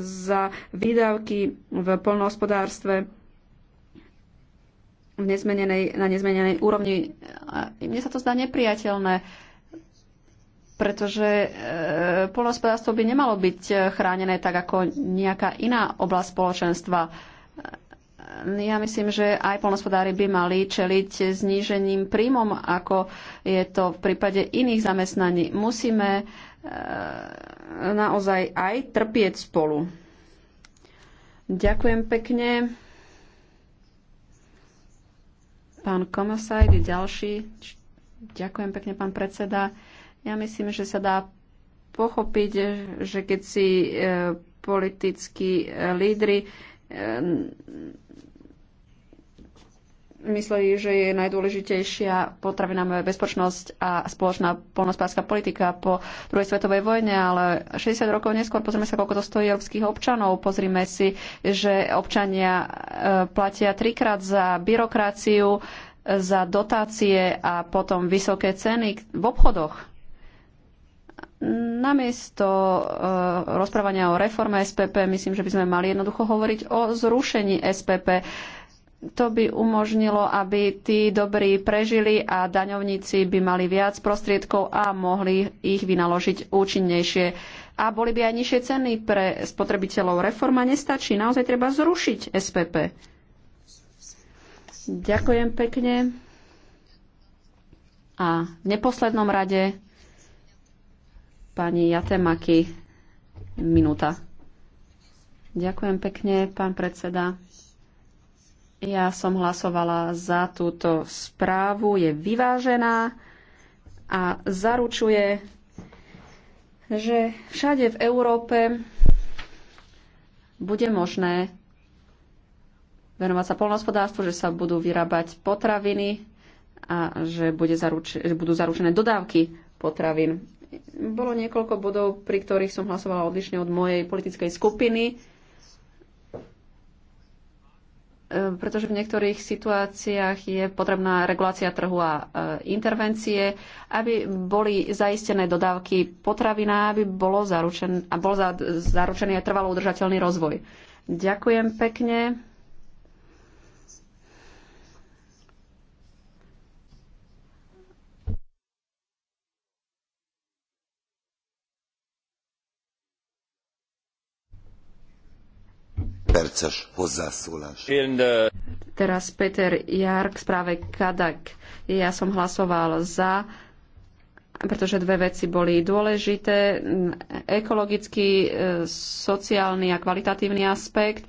za výdavky v plnohospodárstve v nezmenenej, na nezmenenej úrovni. A mne sa to zdá nepriateľné, pretože e, polnospodárstvo by nemalo byť e, chránené tak ako nejaká iná oblasť spoločenstva. E, ja myslím, že aj polnospodári by mali čeliť znížením príjmom, ako je to v prípade iných zamestnaní. Musíme e, naozaj aj trpieť spolu. Ďakujem pekne. Pán Komosaj, ďalší. Ďakujem pekne, pán predseda. Ja myslím, že sa dá pochopiť, že keď si eh, politickí eh, lídry eh, mysleli, že je najdôležitejšia potravinová bezpečnosť a spoločná polnospárska politika po druhej svetovej vojne, ale 60 rokov neskôr pozrime sa, koľko to stojí európskych občanov. Pozrime si, že občania e, platia trikrát za byrokraciu, za dotácie a potom vysoké ceny v obchodoch namiesto e, rozprávania o reforme SPP, myslím, že by sme mali jednoducho hovoriť o zrušení SPP to by umožnilo, aby tí dobrí prežili a daňovníci by mali viac prostriedkov a mohli ich vynaložiť účinnejšie. A boli by aj nižšie ceny pre spotrebiteľov. Reforma nestačí, naozaj treba zrušiť SPP. Ďakujem pekne. A v neposlednom rade pani Jatemaki minúta. Ďakujem pekne, pán predseda. Ja som hlasovala za túto správu, je vyvážená a zaručuje, že všade v Európe bude možné venovať sa polnohospodárstvu, že sa budú vyrábať potraviny a že, bude zaruč- že budú zaručené dodávky potravín. Bolo niekoľko bodov, pri ktorých som hlasovala odlišne od mojej politickej skupiny Ehm, pretože v niektorých situáciách je potrebná regulácia trhu a e, intervencie, aby boli zaistené dodávky potravina, aby bolo zaručen, a bol zaručený aj trvalo udržateľný rozvoj. Ďakujem pekne. perces hozzászólás. Eh, Teraz Peter Jark správe Kadak. Ja som hlasoval za, pretože dve veci boli dôležité. Ekologický, eh, sociálny a kvalitatívny aspekt.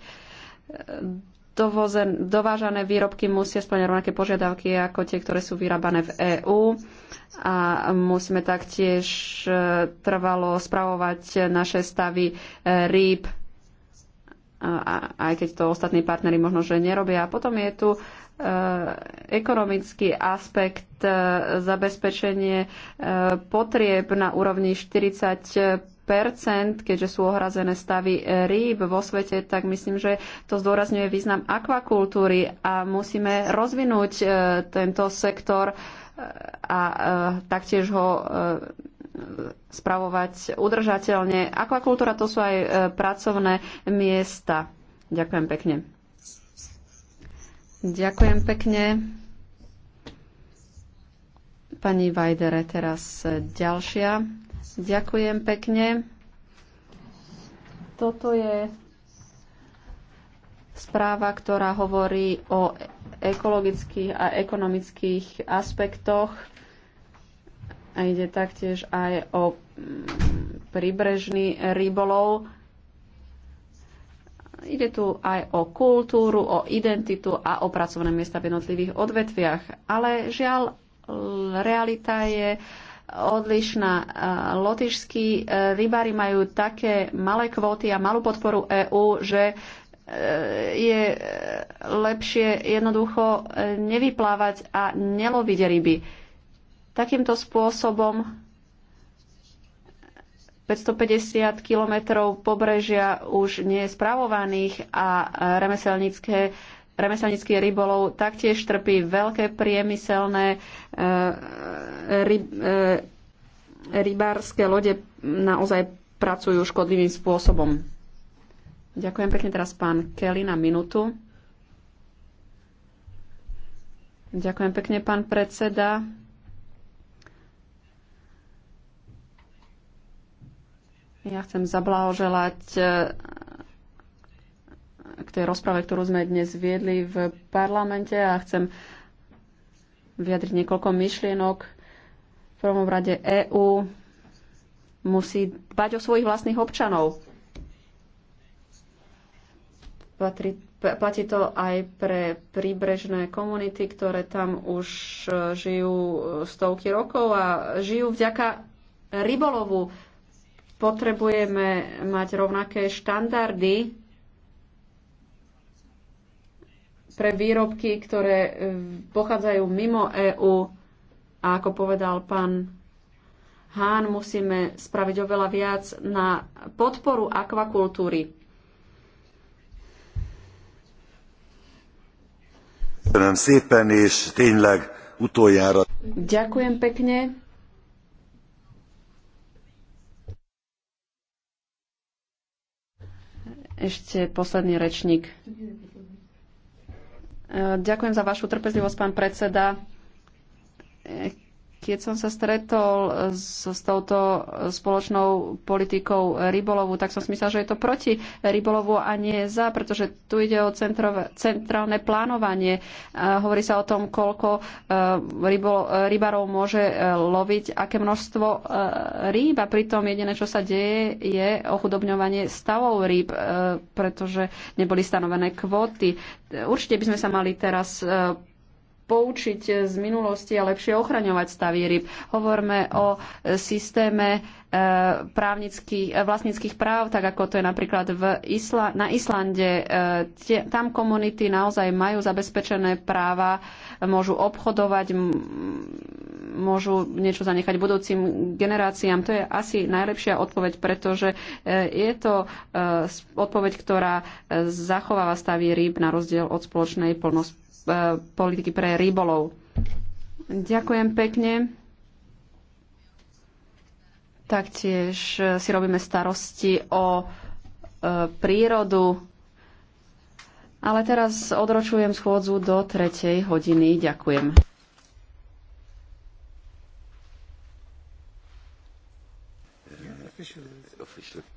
Dovozen, dovážané výrobky musia splňať rovnaké požiadavky ako tie, ktoré sú vyrábané v EÚ a musíme taktiež eh, trvalo spravovať naše stavy rýb aj keď to ostatní partnery možno, že nerobia. A potom je tu e, ekonomický aspekt e, zabezpečenie e, potrieb na úrovni 40 keďže sú ohrazené stavy rýb vo svete, tak myslím, že to zdôrazňuje význam akvakultúry a musíme rozvinúť tento sektor a taktiež ho spravovať udržateľne. Akvakultúra to sú aj e, pracovné miesta. Ďakujem pekne. Ďakujem pekne. Pani Vajdere, teraz e, ďalšia. Ďakujem pekne. Toto je správa, ktorá hovorí o ekologických a ekonomických aspektoch a ide taktiež aj o mm, príbrežný rybolov. Ide tu aj o kultúru, o identitu a o pracovné miesta v jednotlivých odvetviach. Ale žiaľ, realita je odlišná. Lotyšskí e, rybári majú také malé kvóty a malú podporu EÚ, že e, je e, lepšie jednoducho nevyplávať a neloviť ryby Takýmto spôsobom 550 kilometrov pobrežia už nie je spravovaných a remeselnícke remeselnický rybolov taktiež trpí veľké priemyselné e, ryb, e, rybárske lode naozaj pracujú škodlivým spôsobom. Ďakujem pekne teraz pán Kelly na minútu. Ďakujem pekne, pán predseda. Ja chcem zablahoželať e, k tej rozprave, ktorú sme dnes viedli v parlamente a chcem vyjadriť niekoľko myšlienok. V prvom rade EÚ musí dbať o svojich vlastných občanov. Patrí, platí to aj pre príbrežné komunity, ktoré tam už e, žijú e, stovky rokov a žijú vďaka rybolovu potrebujeme mať rovnaké štandardy pre výrobky, ktoré e, pochádzajú mimo EÚ. A ako povedal pán Hán, musíme spraviť oveľa viac na podporu akvakultúry. Ďakujem pekne. Ešte posledný rečník. E, ďakujem za vašu trpezlivosť, pán predseda e, keď som sa stretol eh, s, s touto eh, spoločnou politikou rybolovu, tak som si myslel, že je to proti rybolovu a nie za, pretože tu ide o centrové, centrálne plánovanie. A hovorí sa o tom, koľko eh, rybol, rybarov môže loviť, aké množstvo rýb a pritom jediné, čo sa deje, je ochudobňovanie stavov rýb, pretože neboli stanovené kvóty. Určite by sme sa mali teraz poučiť z minulosti a lepšie ochraňovať stavy ryb. Hovorme o systéme e, právnických, e, vlastnických práv, tak ako to je napríklad v Isla, na Islande. E, tam komunity naozaj majú zabezpečené práva, môžu obchodovať, môžu niečo zanechať budúcim generáciám. To je asi najlepšia odpoveď, pretože je to odpoveď, ktorá zachováva stavy rýb na rozdiel od spoločnej plnosti. E, politiky pre rybolov. Ďakujem pekne. Taktiež e, si robíme starosti o e, prírodu. Ale teraz odročujem schôdzu do tretej hodiny. Ďakujem. Officially.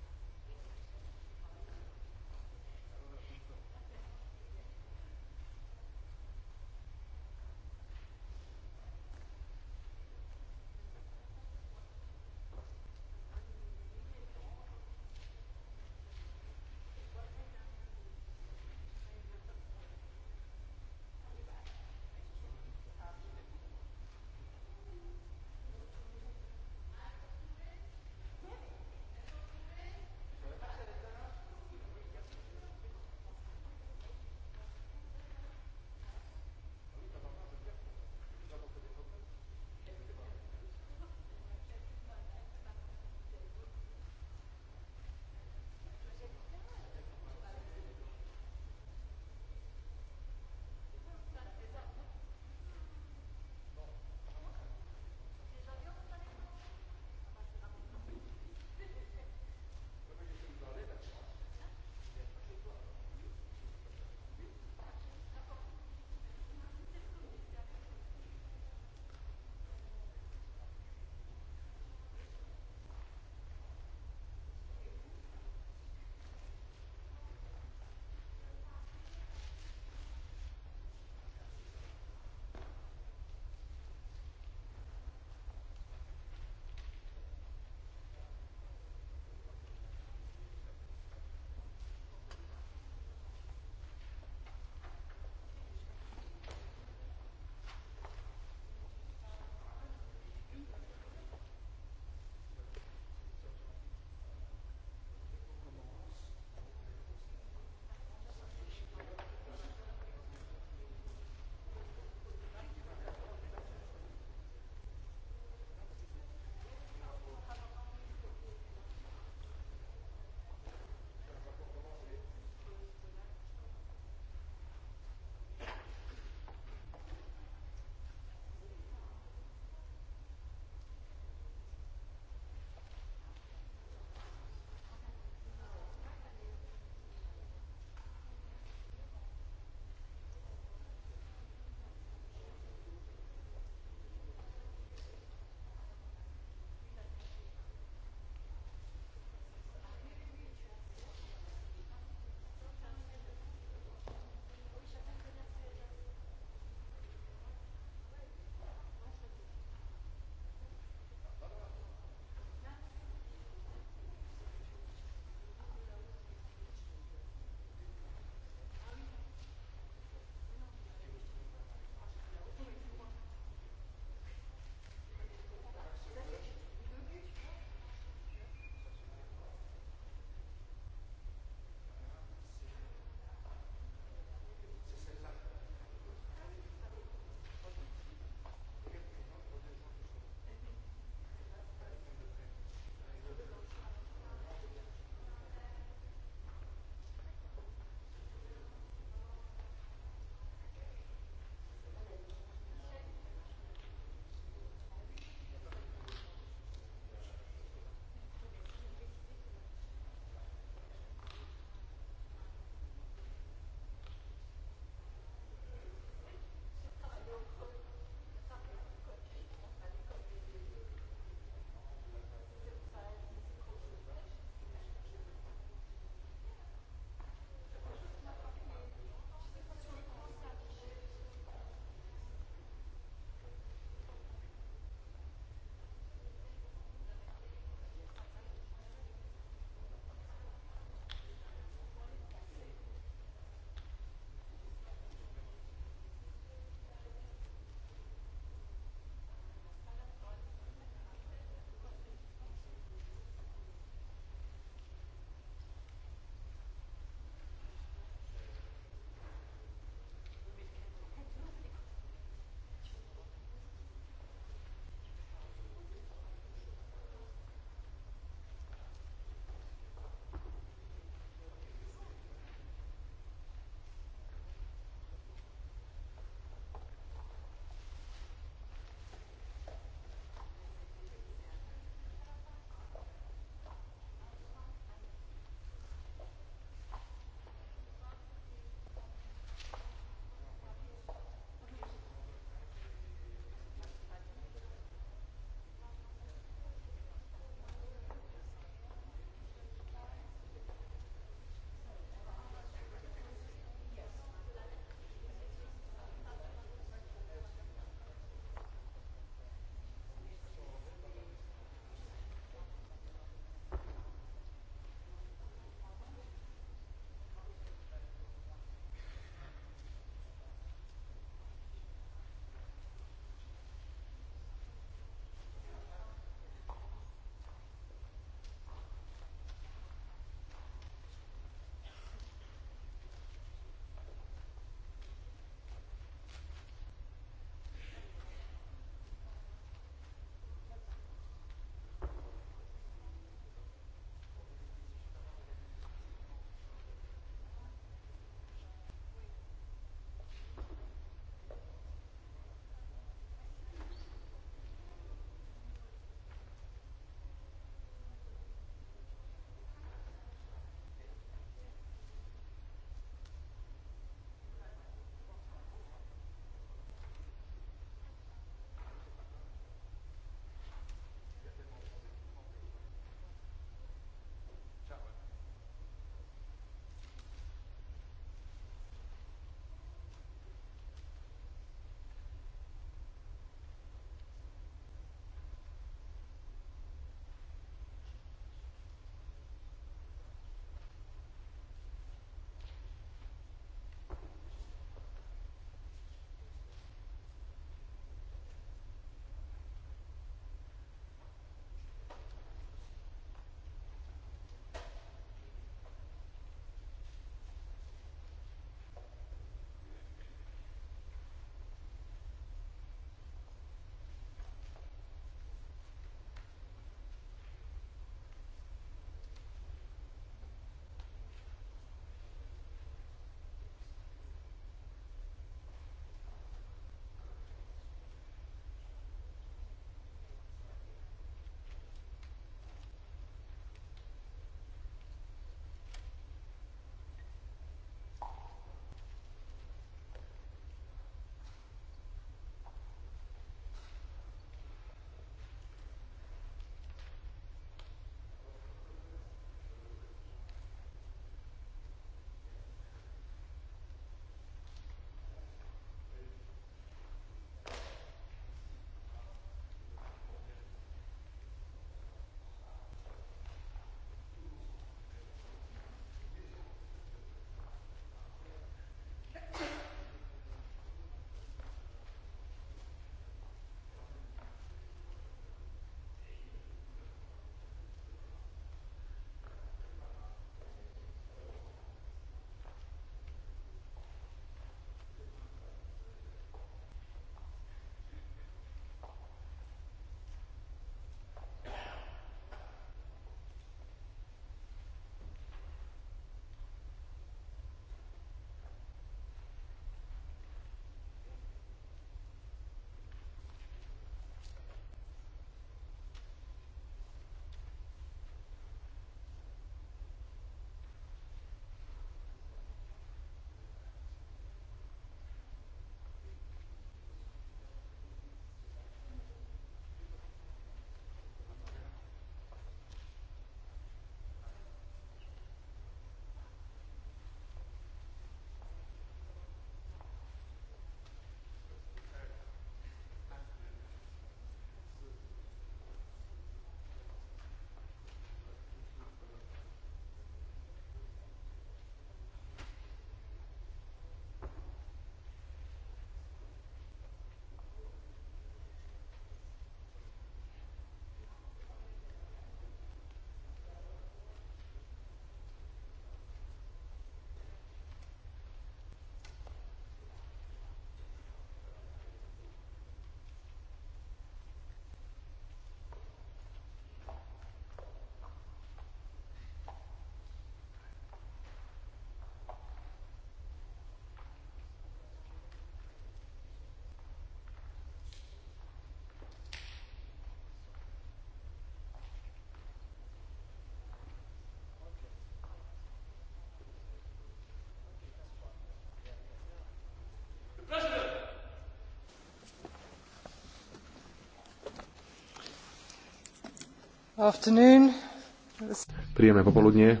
Príjemné popoludnie.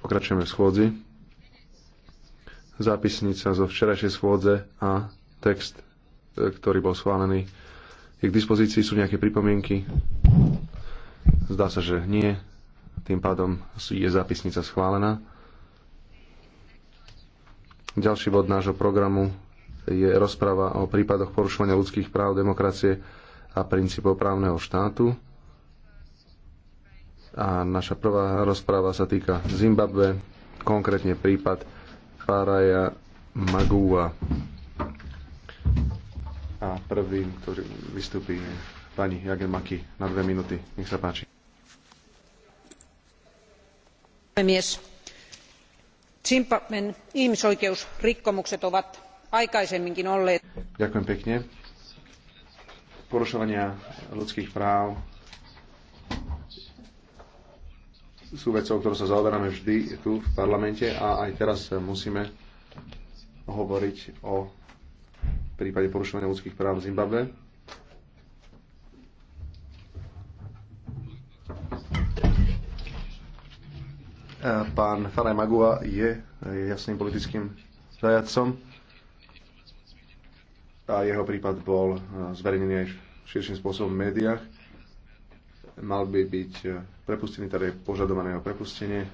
Pokračujeme v schôdzi. Zápisnica zo včerajšej schôdze a text, e, ktorý bol schválený, je k dispozícii. Sú nejaké pripomienky? Zdá sa, že nie. Tým pádom je zápisnica schválená. Ďalší bod nášho programu je rozprava o prípadoch porušovania ľudských práv, demokracie a princípov právneho štátu. A naša prvá rozpráva sa týka Zimbabwe, konkrétne prípad Paraja Magua. A prvý, ktorý vystúpi, je pani Jagemaki na dve minúty. Nech sa páči. Zimbabwen ihmisoikeusrikkomukset ovat aikaisemminkin olleet. Ďakujem pekne. Porušovania ľudských práv sú vecou, ktorou sa zaoberáme vždy tu v parlamente a aj teraz musíme hovoriť o prípade porušovania ľudských práv v Zimbabve. E, pán Faraj Magua je jasným politickým zajacom a jeho prípad bol e, zverejnený aj širším spôsobom v médiách. Mal by byť e, prepustený, teda je požadované o prepustenie.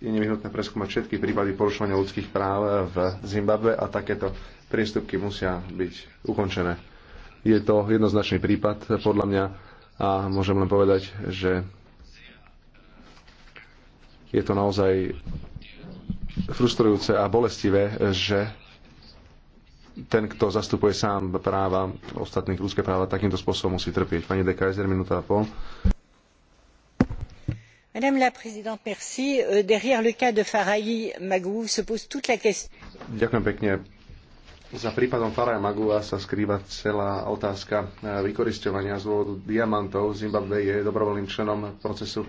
Je nevyhnutné preskúmať všetky prípady porušovania ľudských práv v Zimbabve a takéto priestupky musia byť ukončené. Je to jednoznačný prípad podľa mňa a môžem len povedať, že je to naozaj frustrujúce a bolestivé, že ten, kto zastupuje sám práva ostatných ľudské práva, takýmto spôsobom musí trpieť. Pani de Kaiser, minúta a pol. Madame la Présidente, merci. Euh, derrière le cas de Farahi Magou se pose toute la question. Ďakujem pekne. Za prípadom Faraja Magua sa skrýva celá otázka e, vykoristovania z dôvodu diamantov. Zimbabwe je dobrovoľným členom procesu